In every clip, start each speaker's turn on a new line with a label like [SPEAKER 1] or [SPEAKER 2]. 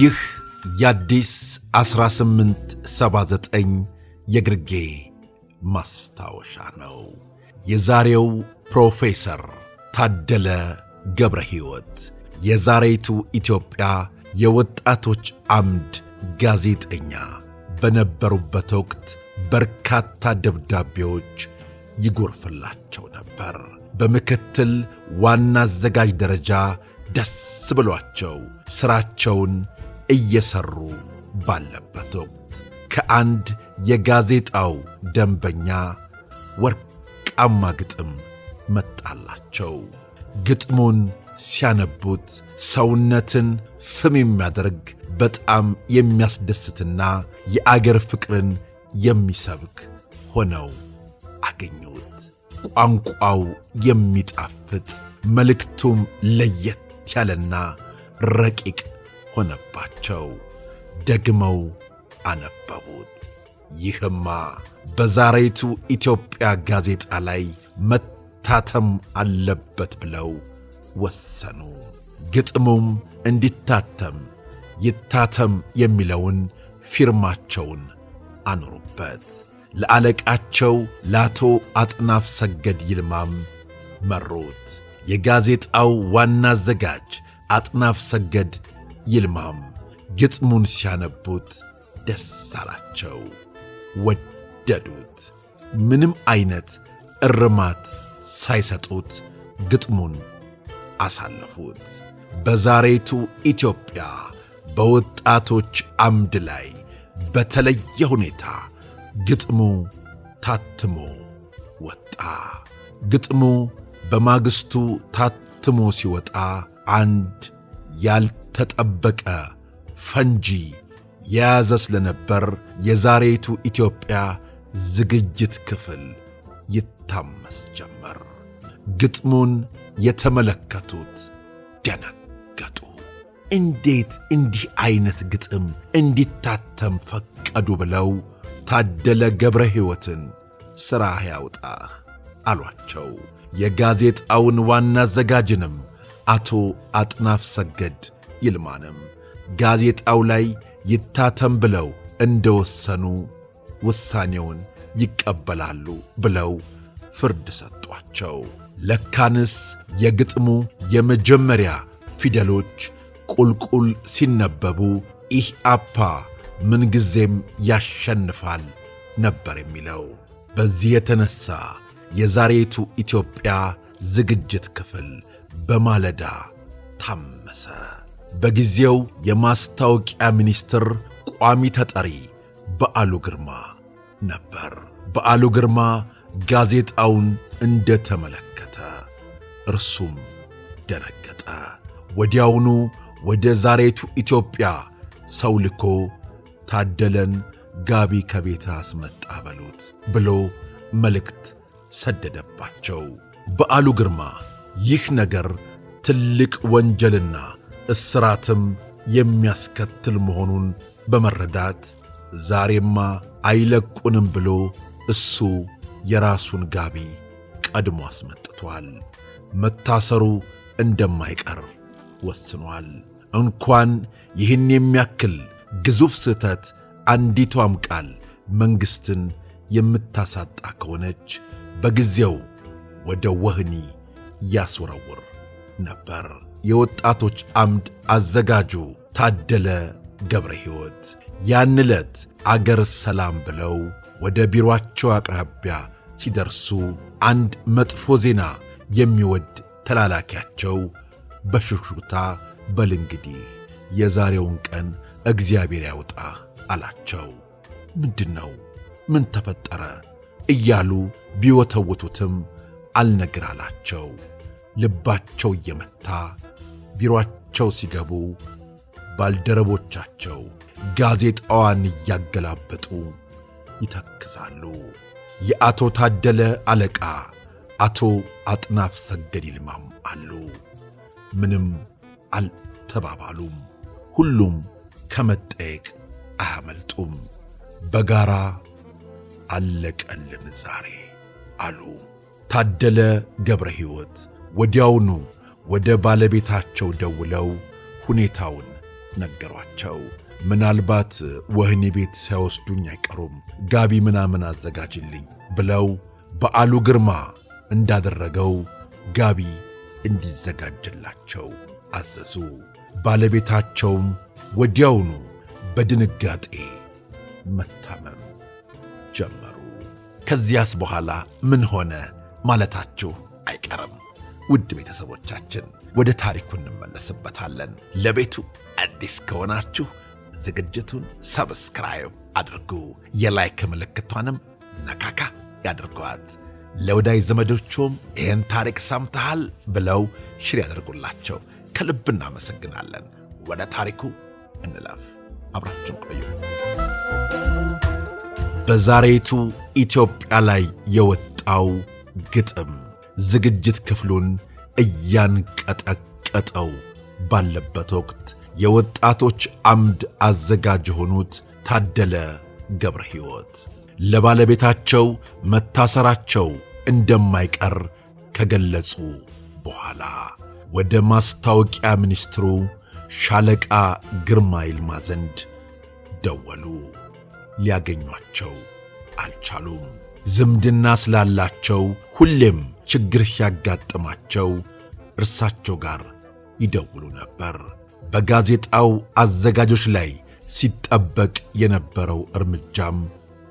[SPEAKER 1] ይህ የአዲስ 1879 የግርጌ ማስታወሻ ነው። የዛሬው ፕሮፌሰር ታደለ ገብረ ሕይወት የዛሬቱ ኢትዮጵያ የወጣቶች አምድ ጋዜጠኛ በነበሩበት ወቅት በርካታ ደብዳቤዎች ይጎርፍላቸው ነበር። በምክትል ዋና አዘጋጅ ደረጃ ደስ ብሏቸው ሥራቸውን እየሠሩ ባለበት ወቅት ከአንድ የጋዜጣው ደንበኛ ወርቃማ ግጥም መጣላቸው። ግጥሙን ሲያነቡት ሰውነትን ፍም የሚያደርግ በጣም የሚያስደስትና የአገር ፍቅርን የሚሰብክ ሆነው አገኙት። ቋንቋው የሚጣፍጥ መልእክቱም ለየት ያለና ረቂቅ ሆነባቸው። ደግመው አነበቡት። ይህማ በዛሬቱ ኢትዮጵያ ጋዜጣ ላይ መታተም አለበት ብለው ወሰኑ። ግጥሙም እንዲታተም ይታተም የሚለውን ፊርማቸውን አኖሩበት። ለአለቃቸው ለአቶ አጥናፍ ሰገድ ይልማም መሩት። የጋዜጣው ዋና አዘጋጅ አጥናፍ ሰገድ ይልማም ግጥሙን ሲያነቡት ደስ አላቸው፣ ወደዱት። ምንም አይነት እርማት ሳይሰጡት ግጥሙን አሳለፉት። በዛሬቱ ኢትዮጵያ በወጣቶች አምድ ላይ በተለየ ሁኔታ ግጥሙ ታትሞ ወጣ። ግጥሙ በማግስቱ ታትሞ ሲወጣ አንድ ያልተጠበቀ ፈንጂ የያዘ ስለነበር የዛሬቱ ኢትዮጵያ ዝግጅት ክፍል ይታመስ ጀመር። ግጥሙን የተመለከቱት ደነገጡ። እንዴት እንዲህ ዐይነት ግጥም እንዲታተም ፈቀዱ ብለው ታደለ ገብረ ሕይወትን ሥራ ያውጣህ አሏቸው። የጋዜጣውን ዋና አዘጋጅንም አቶ አጥናፍ ሰገድ ይልማንም ጋዜጣው ላይ ይታተም ብለው እንደወሰኑ ውሳኔውን ይቀበላሉ ብለው ፍርድ ሰጧቸው። ለካንስ የግጥሙ የመጀመሪያ ፊደሎች ቁልቁል ሲነበቡ ኢህአፓ ምንጊዜም ያሸንፋል ነበር የሚለው። በዚህ የተነሳ የዛሬቱ ኢትዮጵያ ዝግጅት ክፍል በማለዳ ታመሰ። በጊዜው የማስታወቂያ ሚኒስትር ቋሚ ተጠሪ በዓሉ ግርማ ነበር። በዓሉ ግርማ ጋዜጣውን እንደተመለከተ እርሱም ደነገጠ። ወዲያውኑ ወደ ዛሬቱ ኢትዮጵያ ሰው ልኮ ታደለን ጋቢ ከቤት አስመጣ በሉት ብሎ መልእክት ሰደደባቸው። በዓሉ ግርማ ይህ ነገር ትልቅ ወንጀልና እስራትም የሚያስከትል መሆኑን በመረዳት ዛሬማ አይለቁንም ብሎ እሱ የራሱን ጋቢ ቀድሞ አስመጥቷል። መታሰሩ እንደማይቀር ወስኗል። እንኳን ይህን የሚያክል ግዙፍ ስህተት አንዲቷም ቃል መንግሥትን የምታሳጣ ከሆነች በጊዜው ወደ ወህኒ ያስወረውር ነበር። የወጣቶች አምድ አዘጋጁ ታደለ ገብረ ሕይወት ያን ዕለት አገር ሰላም ብለው ወደ ቢሮአቸው አቅራቢያ ሲደርሱ አንድ መጥፎ ዜና የሚወድ ተላላኪያቸው በሹሹታ በል እንግዲህ የዛሬውን ቀን እግዚአብሔር ያውጣህ አላቸው። ምንድን ነው? ምን ተፈጠረ? እያሉ ቢወተውቱትም አልነግር አላቸው። ልባቸው እየመታ ቢሮአቸው ሲገቡ ባልደረቦቻቸው ጋዜጣዋን እያገላበጡ ይተክዛሉ። የአቶ ታደለ አለቃ አቶ አጥናፍ ሰገድ ይልማም አሉ። ምንም አልተባባሉም። ሁሉም ከመጠየቅ አያመልጡም። በጋራ አለቀልን ዛሬ አሉ ታደለ ገብረ ሕይወት። ወዲያውኑ ወደ ባለቤታቸው ደውለው ሁኔታውን ነገሯቸው። ምናልባት ወህኒ ቤት ሳይወስዱኝ አይቀሩም፣ ጋቢ ምናምን አዘጋጅልኝ ብለው በዓሉ ግርማ እንዳደረገው ጋቢ እንዲዘጋጅላቸው አዘዙ። ባለቤታቸውም ወዲያውኑ በድንጋጤ መታመም ጀመሩ። ከዚያስ በኋላ ምን ሆነ ማለታችሁ አይቀርም። ውድ ቤተሰቦቻችን ወደ ታሪኩ እንመለስበታለን። ለቤቱ አዲስ ከሆናችሁ ዝግጅቱን ሰብስክራይብ አድርጉ። የላይክ ምልክቷንም ነካካ ያድርጓት። ለወዳጅ ዘመዶቹም ይህን ታሪክ ሰምተሃል ብለው ሽር ያደርጉላቸው። ከልብ እናመሰግናለን። ወደ ታሪኩ እንላፍ። አብራችን ቆዩ። በዛሬቱ ኢትዮጵያ ላይ የወጣው ግጥም ዝግጅት ክፍሉን እያንቀጠቀጠው ባለበት ወቅት የወጣቶች አምድ አዘጋጅ የሆኑት ታደለ ገብረ ሕይወት ለባለቤታቸው መታሰራቸው እንደማይቀር ከገለጹ በኋላ ወደ ማስታወቂያ ሚኒስትሩ ሻለቃ ግርማ ይልማ ዘንድ ደወሉ። ሊያገኟቸው አልቻሉም። ዝምድና ስላላቸው ሁሌም ችግር ሲያጋጥማቸው እርሳቸው ጋር ይደውሉ ነበር። በጋዜጣው አዘጋጆች ላይ ሲጠበቅ የነበረው እርምጃም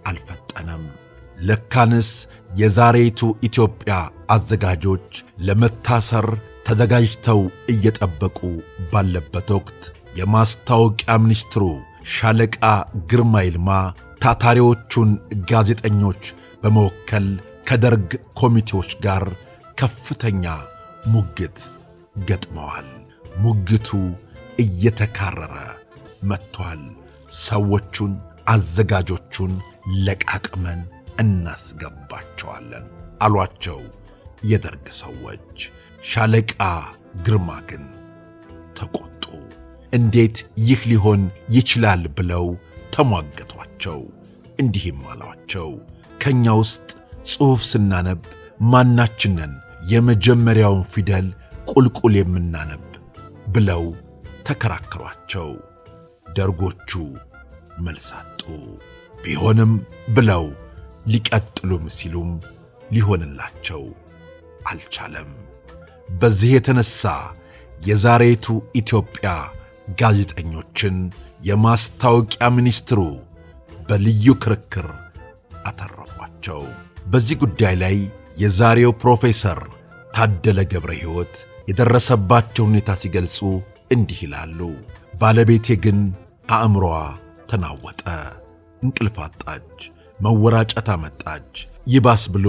[SPEAKER 1] አልፈጠነም። ለካንስ የዛሬቱ ኢትዮጵያ አዘጋጆች ለመታሰር ተዘጋጅተው እየጠበቁ ባለበት ወቅት የማስታወቂያ ሚኒስትሩ ሻለቃ ግርማ ይልማ ታታሪዎቹን ጋዜጠኞች በመወከል ከደርግ ኮሚቴዎች ጋር ከፍተኛ ሙግት ገጥመዋል። ሙግቱ እየተካረረ መጥቷል። ሰዎቹን፣ አዘጋጆቹን ለቃቅመን እናስገባቸዋለን አሏቸው የደርግ ሰዎች። ሻለቃ ግርማ ግን ተቆጡ። እንዴት ይህ ሊሆን ይችላል ብለው ተሟገቷቸው። እንዲህም አሏቸው፣ ከእኛ ውስጥ ጽሑፍ ስናነብ ማናችንን የመጀመሪያውን ፊደል ቁልቁል የምናነብ ብለው ተከራከሯቸው። ደርጎቹ መልስ አጡ። ቢሆንም ብለው ሊቀጥሉም ሲሉም ሊሆንላቸው አልቻለም። በዚህ የተነሳ የዛሬቱ ኢትዮጵያ ጋዜጠኞችን የማስታወቂያ ሚኒስትሩ በልዩ ክርክር አተረፏቸው። በዚህ ጉዳይ ላይ የዛሬው ፕሮፌሰር ታደለ ገብረ ሕይወት የደረሰባቸው ሁኔታ ሲገልጹ እንዲህ ይላሉ። ባለቤቴ ግን አእምሯ ተናወጠ፣ እንቅልፍ አጣች፣ መወራጨት አመጣች። ይባስ ብሎ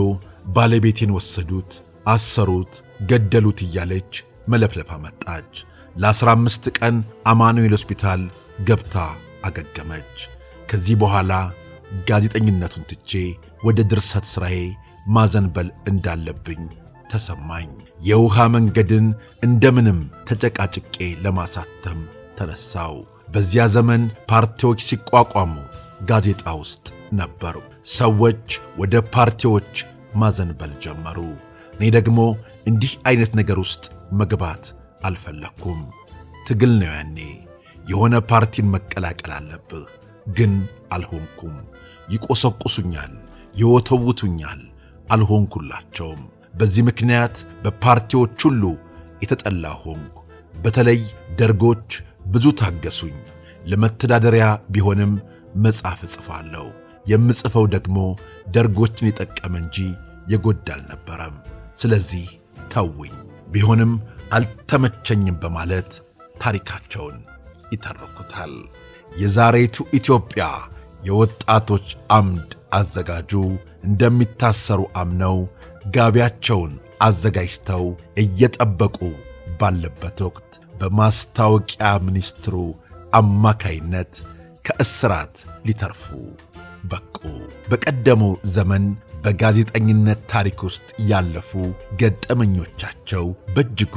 [SPEAKER 1] ባለቤቴን ወሰዱት አሰሩት፣ ገደሉት እያለች መለፍለፋ መጣች። ለ15 ቀን አማኑኤል ሆስፒታል ገብታ አገገመች። ከዚህ በኋላ ጋዜጠኝነቱን ትቼ ወደ ድርሰት ሥራዬ ማዘንበል እንዳለብኝ ተሰማኝ። የውሃ መንገድን እንደምንም ተጨቃጭቄ ለማሳተም ተነሳው። በዚያ ዘመን ፓርቲዎች ሲቋቋሙ ጋዜጣ ውስጥ ነበሩ። ሰዎች ወደ ፓርቲዎች ማዘንበል ጀመሩ። እኔ ደግሞ እንዲህ አይነት ነገር ውስጥ መግባት አልፈለግኩም። ትግል ነው ያኔ። የሆነ ፓርቲን መቀላቀል አለብህ፣ ግን አልሆንኩም። ይቆሰቁሱኛል፣ ይወተውቱኛል፣ አልሆንኩላቸውም። በዚህ ምክንያት በፓርቲዎች ሁሉ የተጠላ ሆንኩ። በተለይ ደርጎች ብዙ ታገሱኝ። ለመተዳደሪያ ቢሆንም መጽሐፍ እጽፋለሁ። የምጽፈው ደግሞ ደርጎችን የጠቀመ እንጂ የጎዳ አልነበረም። ስለዚህ ተውኝ ቢሆንም አልተመቸኝም በማለት ታሪካቸውን ይተርኩታል። የዛሬቱ ኢትዮጵያ የወጣቶች አምድ አዘጋጁ እንደሚታሰሩ አምነው ጋቢያቸውን አዘጋጅተው እየጠበቁ ባለበት ወቅት በማስታወቂያ ሚኒስትሩ አማካይነት ከእስራት ሊተርፉ በቁ። በቀደሙ ዘመን በጋዜጠኝነት ታሪክ ውስጥ ያለፉ ገጠመኞቻቸው በእጅጉ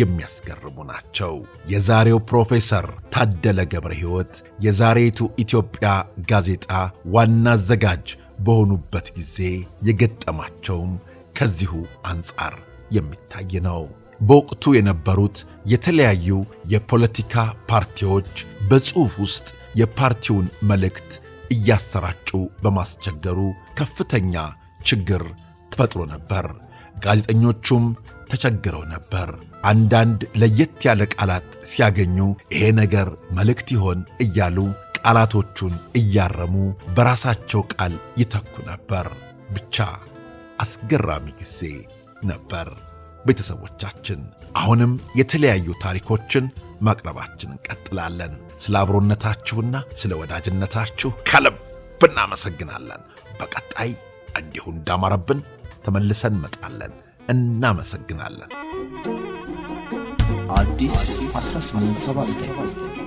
[SPEAKER 1] የሚያስገርሙ ናቸው። የዛሬው ፕሮፌሰር ታደለ ገብረ ሕይወት የዛሬቱ ኢትዮጵያ ጋዜጣ ዋና አዘጋጅ በሆኑበት ጊዜ የገጠማቸውም ከዚሁ አንጻር የሚታይ ነው። በወቅቱ የነበሩት የተለያዩ የፖለቲካ ፓርቲዎች በጽሑፍ ውስጥ የፓርቲውን መልእክት እያሰራጩ በማስቸገሩ ከፍተኛ ችግር ተፈጥሮ ነበር። ጋዜጠኞቹም ተቸግረው ነበር። አንዳንድ ለየት ያለ ቃላት ሲያገኙ ይሄ ነገር መልእክት ይሆን እያሉ ቃላቶቹን እያረሙ በራሳቸው ቃል ይተኩ ነበር። ብቻ አስገራሚ ጊዜ ነበር። ቤተሰቦቻችን አሁንም የተለያዩ ታሪኮችን ማቅረባችን እንቀጥላለን። ስለ አብሮነታችሁና ስለ ወዳጅነታችሁ ከልብ እናመሰግናለን። በቀጣይ እንዲሁ እንዳማረብን ተመልሰን መጣለን። እናመሰግናለን። አዲስ 1879